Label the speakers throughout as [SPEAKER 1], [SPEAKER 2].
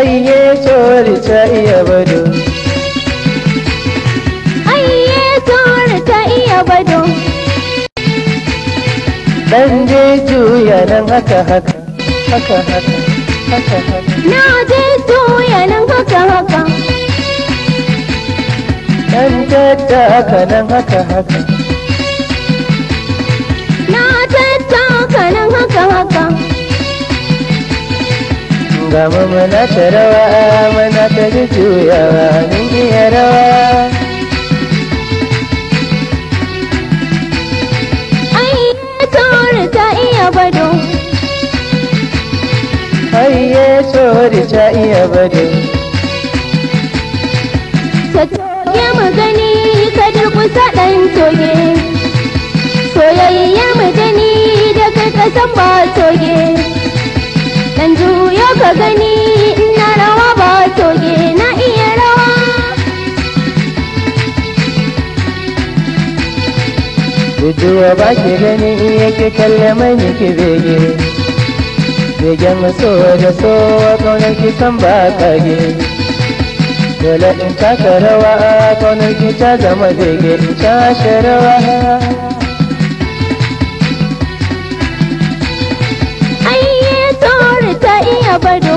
[SPEAKER 1] aiye sori sai abado
[SPEAKER 2] aiye sori sai abado
[SPEAKER 1] dan je tuya nan haka haka haka haka na je tuya nan haka haka dan tata haka nan haka haka
[SPEAKER 2] na tata haka nan
[SPEAKER 1] ga mu muna ta rawa mana ta ji juyawa mun iya rawa
[SPEAKER 2] ai tori ta iya bado
[SPEAKER 1] ai tori ta iya bado
[SPEAKER 2] ta toge mu ka durkusa dan toge soyayyar mu gani da kai kasan ba toge yanzu juyo ka gani ina rawa ba toge na iya rawa
[SPEAKER 1] gujewa ba ke gani iya ki kalle mai ki bege begen maso da so kaunar ki san ba kage dole in taka rawa kaunar ki ta zama bege in ta rawa
[SPEAKER 2] ta iya bado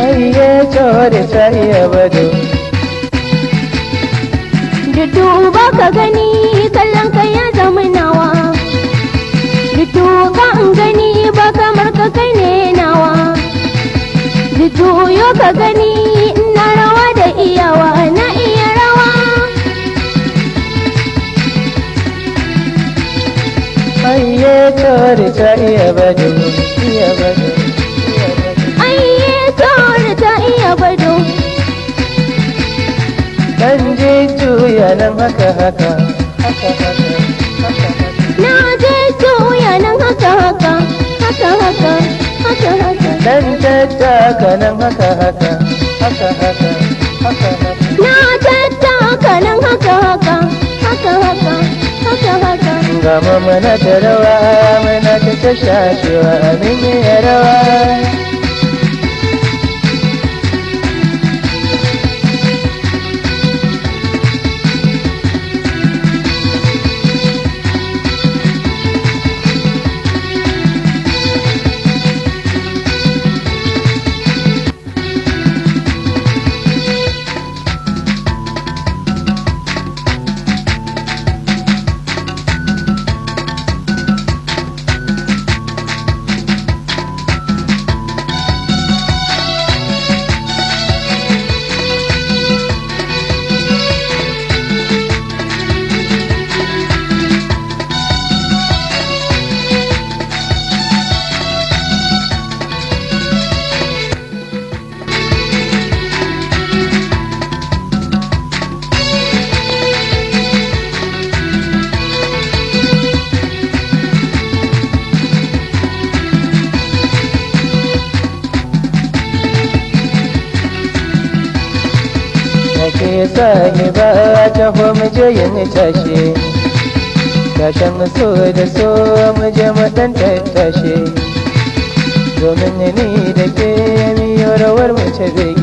[SPEAKER 1] Ayye chori ta iya bado
[SPEAKER 2] Dudu uba ka gani kallon ka ya zama nawa Dudu ka in gani ba kamar ka kai ne nawa Dudu yau ka gani
[SPEAKER 1] Aye tori ta iya bado, iya bado. Aye tori ta iya bado. Dan je tuya nan haka haka. Na je tuya nan haka haka. Haka haka. Haka haka. Dan ta ta ka haka haka. Haka haka. Haka haka. gama mana ta rawa mana ta tashashewa cewa yi rawa sani ba ta muje yin tashe tashen so da so muje maɗan tattashe domin ni da ke miyo rawar mace zai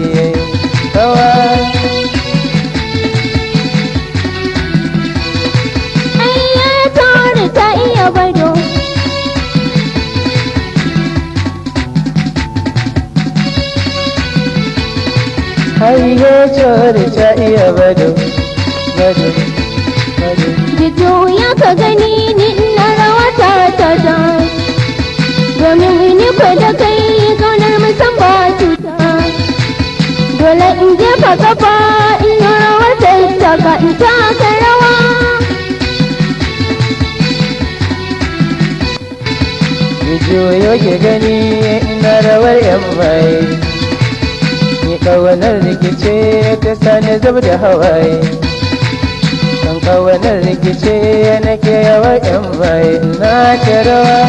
[SPEAKER 1] ಅಯ್ಯೋ iya ಚಾಯ ಬದು ಬದು
[SPEAKER 2] Fito ya ka gani ni ina rawa ta ta ta Domin ni kwa da kai kaunar musan ba cuta Dole in jefa kafa in rawa ta ta ka in ta ka rawa
[SPEAKER 1] Fito ya ka gani na rawar yan yi. kawanar rikice ta sani zub da hawaye kan kawanar rikice nake yawa yan baye na ke rawa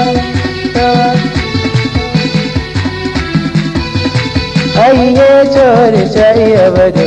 [SPEAKER 1] ayye cewar ta iya bada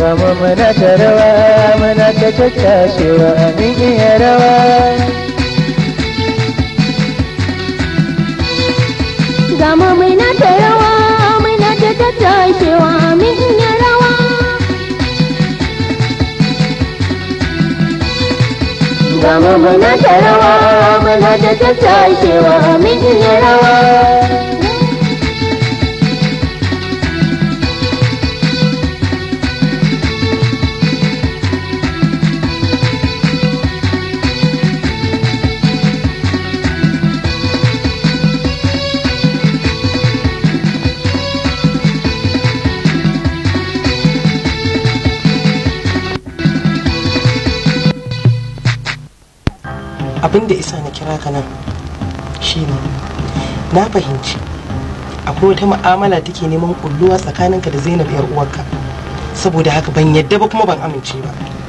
[SPEAKER 1] Gama muna ta rawa muna ta tattashewa mun iya rawa
[SPEAKER 2] Gama muna ta rawa muna ta tattashewa mun iya rawa Gama muna ta rawa muna ta tattashewa mun iya rawa
[SPEAKER 1] abin da isa na kira ka nan shine na fahimci akwai wata mu'amala take neman kulluwa tsakaninka da zainab yar uwarka saboda haka ban yadda ba kuma ban amince ba